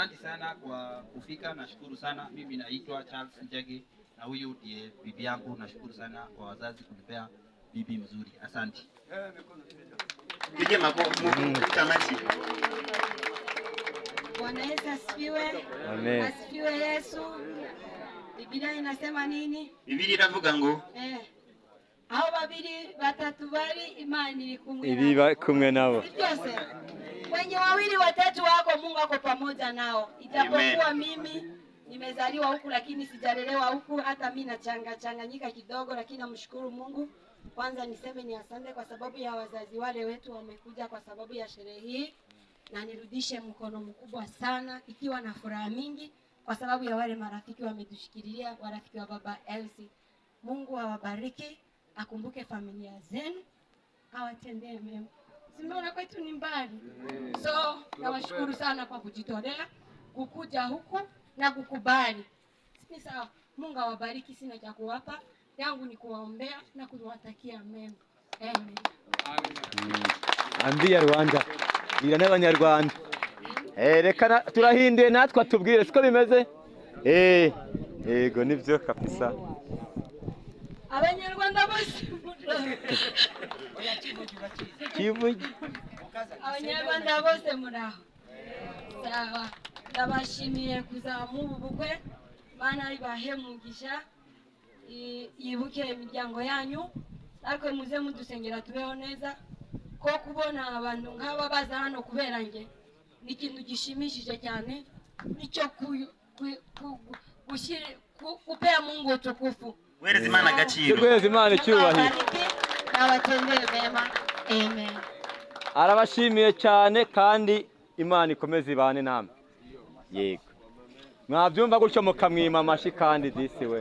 Asante sana kwa kufika, nashukuru sana. Mimi naitwa Charles Njagi na huyu ndiye bibi yangu. Nashukuru sana kwa wazazi kunipea bibi mzuri, asante. makofi Bwana Yesu asifiwe. Amen. Asifiwe Yesu. Biblia inasema nini? Biblia inavuga ngo eh, hao babili batatu bari imani ni kumwe, ibi kumwe nabo, Kwenye wawili watatu wako wako pamoja nao, itapokuwa mimi nimezaliwa huku lakini sijalelewa huku, hata mi nachanga changanyika kidogo, lakini namshukuru Mungu. Kwanza niseme ni asante kwa sababu ya wazazi wale wetu wamekuja kwa sababu ya sherehe hii, na nirudishe mkono mkubwa sana, ikiwa na furaha mingi kwa sababu ya wale marafiki wametushikilia, warafiki wa baba Elsie. Mungu awabariki, akumbuke familia zenu, awatendee mema. Simeona kwetu ni mbali, so nawashukuru sana kwa kujitolea kukuja huku na kukubali. Ni sawa, Mungu awabariki. Sina cha kuwapa, yangu ni kuwaombea na kuwatakia mema. Amen. ya Rwanda bira Eh, reka turahinduye natwe tubwire siko bimeze eh, yego nibyo kabisa abanyarwanda bose kivuge abanyarwanda bose muraho saba ndabashimiye kuzamu ubu bukwe bana bibahe yibuke imiryango yanyu natwe muze mudusengera tubeho neza ko kubona abantu nk'aba baza hano kubera nge ni ikintu gishimishije cyane nicyo gupera mu ngo tukufu guhereza imana agaciro guhereza imana icyubahiro nabatendeye mema arabashimiye cyane kandi imana ikomeze ibane namwe yego mwabyumva gutyo mukamwima amashyi kandi disi we